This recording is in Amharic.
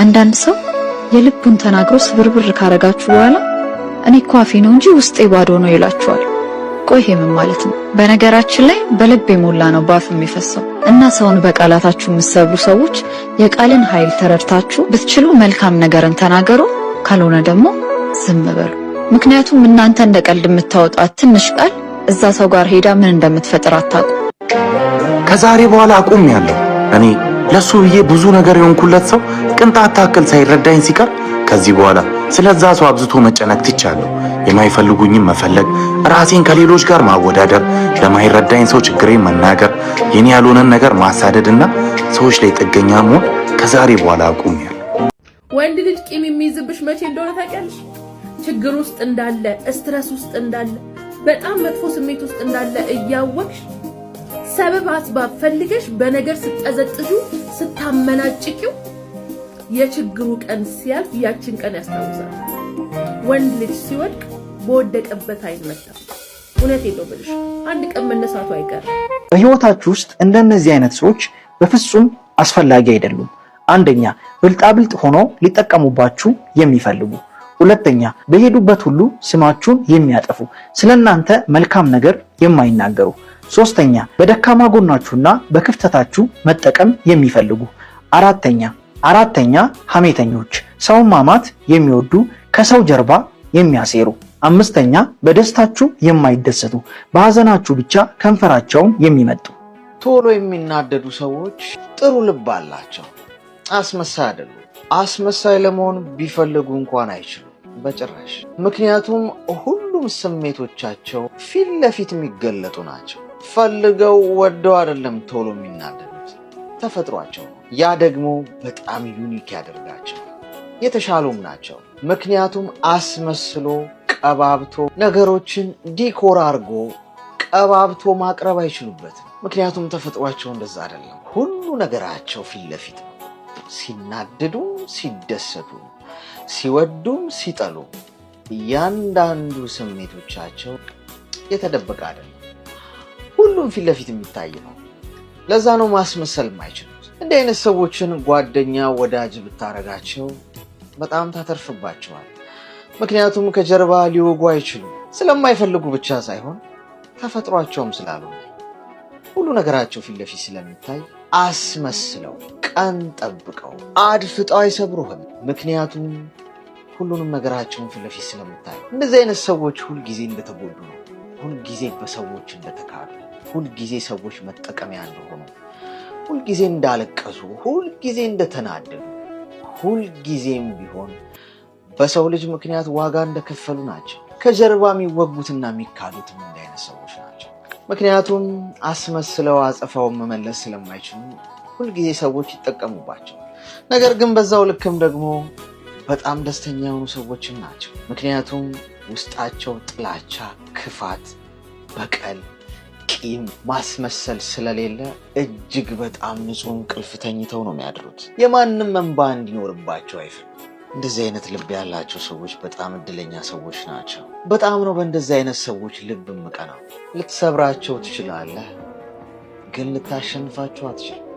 አንዳንድ ሰው የልቡን ተናግሮ ስብርብር ካረጋችሁ በኋላ እኔ እኮ አፌ ነው እንጂ ውስጤ ባዶ ነው ይላችኋል። ቆይ ምን ማለት ነው? በነገራችን ላይ በልብ የሞላ ነው ባፍ የሚፈሰው እና ሰውን በቃላታችሁ የምትሰብሩ ሰዎች የቃልን ኃይል ተረድታችሁ ብትችሉ መልካም ነገርን ተናገሩ፣ ካልሆነ ደግሞ ዝም በሉ። ምክንያቱም እናንተ እንደ ቀልድ የምታወጣት ትንሽ ቃል እዛ ሰው ጋር ሄዳ ምን እንደምትፈጥር አታውቁ። ከዛሬ በኋላ አቁም ያለው እኔ ለሱ ብዬ ብዙ ነገር የሆንኩለት ሰው ቅንጣት ታክል ሳይረዳኝ ሲቀር ከዚህ በኋላ ስለዛ ሰው አብዝቶ መጨነቅ ትቻለሁ። የማይፈልጉኝም መፈለግ፣ ራሴን ከሌሎች ጋር ማወዳደር፣ ለማይረዳኝ ሰው ችግሬን መናገር፣ የኔ ያልሆነን ነገር ማሳደድና ሰዎች ላይ ጥገኛ መሆን ከዛሬ በኋላ አቁሜያለሁ። ወንድ ልጅ ቂም የሚይዝብሽ መቼ እንደሆነ ታውቂያለሽ? ችግር ውስጥ እንዳለ፣ ስትረስ ውስጥ እንዳለ፣ በጣም መጥፎ ስሜት ውስጥ እንዳለ እያወቅሽ ሰበብ አስባብ ፈልገሽ በነገር ስትጠዘጥዙ ስታመናጭቂው የችግሩ ቀን ሲያልፍ ያችን ቀን ያስታውሳል። ወንድ ልጅ ሲወድቅ በወደቀበት አይመታም። እውነት የለው ብልሽ አንድ ቀን መነሳቱ አይቀርም። በህይወታችሁ ውስጥ እንደነዚህ አይነት ሰዎች በፍጹም አስፈላጊ አይደሉም። አንደኛ ብልጣብልጥ ሆኖ ሊጠቀሙባችሁ የሚፈልጉ ሁለተኛ በሄዱበት ሁሉ ስማችሁን የሚያጠፉ ስለናንተ መልካም ነገር የማይናገሩ ሶስተኛ በደካማ ጎናችሁና በክፍተታችሁ መጠቀም የሚፈልጉ አራተኛ አራተኛ ሐሜተኞች ሰውን ማማት የሚወዱ ከሰው ጀርባ የሚያሴሩ አምስተኛ በደስታችሁ የማይደሰቱ በሐዘናችሁ ብቻ ከንፈራቸውን የሚመጡ ቶሎ የሚናደዱ ሰዎች ጥሩ ልብ አላቸው አስመሳይ አይደሉም አስመሳይ ለመሆን ቢፈልጉ እንኳን አይችሉም በጭራሽ። ምክንያቱም ሁሉም ስሜቶቻቸው ፊት ለፊት የሚገለጡ ናቸው። ፈልገው ወደው አይደለም ቶሎ የሚናደዱት፣ ተፈጥሯቸው ነው። ያ ደግሞ በጣም ዩኒክ ያደርጋቸው የተሻሉም ናቸው። ምክንያቱም አስመስሎ ቀባብቶ ነገሮችን ዲኮር አድርጎ ቀባብቶ ማቅረብ አይችሉበትም። ምክንያቱም ተፈጥሯቸው እንደዛ አይደለም። ሁሉ ነገራቸው ፊት ለፊት ነው። ሲናደዱም ሲደሰቱም ሲወዱም ሲጠሉም እያንዳንዱ ስሜቶቻቸው የተደበቀ አይደለም። ሁሉም ፊት ለፊት የሚታይ ነው። ለዛ ነው ማስመሰል የማይችሉት። እንዲህ አይነት ሰዎችን ጓደኛ፣ ወዳጅ ብታረጋቸው በጣም ታተርፍባቸዋል። ምክንያቱም ከጀርባ ሊወጉ አይችሉም። ስለማይፈልጉ ብቻ ሳይሆን ተፈጥሯቸውም ስላሉ ሁሉ ነገራቸው ፊት ለፊት ስለሚታይ አስመስለው ቀን ጠብቀው አድፍጠው አይሰብሩህም። ምክንያቱም ሁሉንም ነገራቸውን ፊት ለፊት ስለምታይ እንደዚህ አይነት ሰዎች ሁልጊዜ እንደተጎዱ ነው። ሁልጊዜ በሰዎች እንደተካሉ፣ ሁልጊዜ ሰዎች መጠቀሚያ እንደሆኑ፣ ሁልጊዜ እንዳለቀሱ፣ ሁልጊዜ እንደተናደዱ፣ ሁልጊዜም ቢሆን በሰው ልጅ ምክንያት ዋጋ እንደከፈሉ ናቸው። ከጀርባ የሚወጉትና የሚካሉትም እንዲህ አይነት ሰዎች ናቸው። ምክንያቱም አስመስለው አጸፋውን መመለስ ስለማይችሉ ሁልጊዜ ሰዎች ይጠቀሙባቸዋል። ነገር ግን በዛው ልክም ደግሞ በጣም ደስተኛ የሆኑ ሰዎችም ናቸው። ምክንያቱም ውስጣቸው ጥላቻ፣ ክፋት፣ በቀል፣ ቂም፣ ማስመሰል ስለሌለ እጅግ በጣም ንጹህ እንቅልፍ ተኝተው ነው የሚያድሩት። የማንም እንባ እንዲኖርባቸው አይፈ እንደዚህ አይነት ልብ ያላቸው ሰዎች በጣም እድለኛ ሰዎች ናቸው። በጣም ነው በእንደዚህ አይነት ሰዎች ልብ የምቀናው። ልትሰብራቸው ትችላለህ፣ ግን ልታሸንፋቸው አትችልም።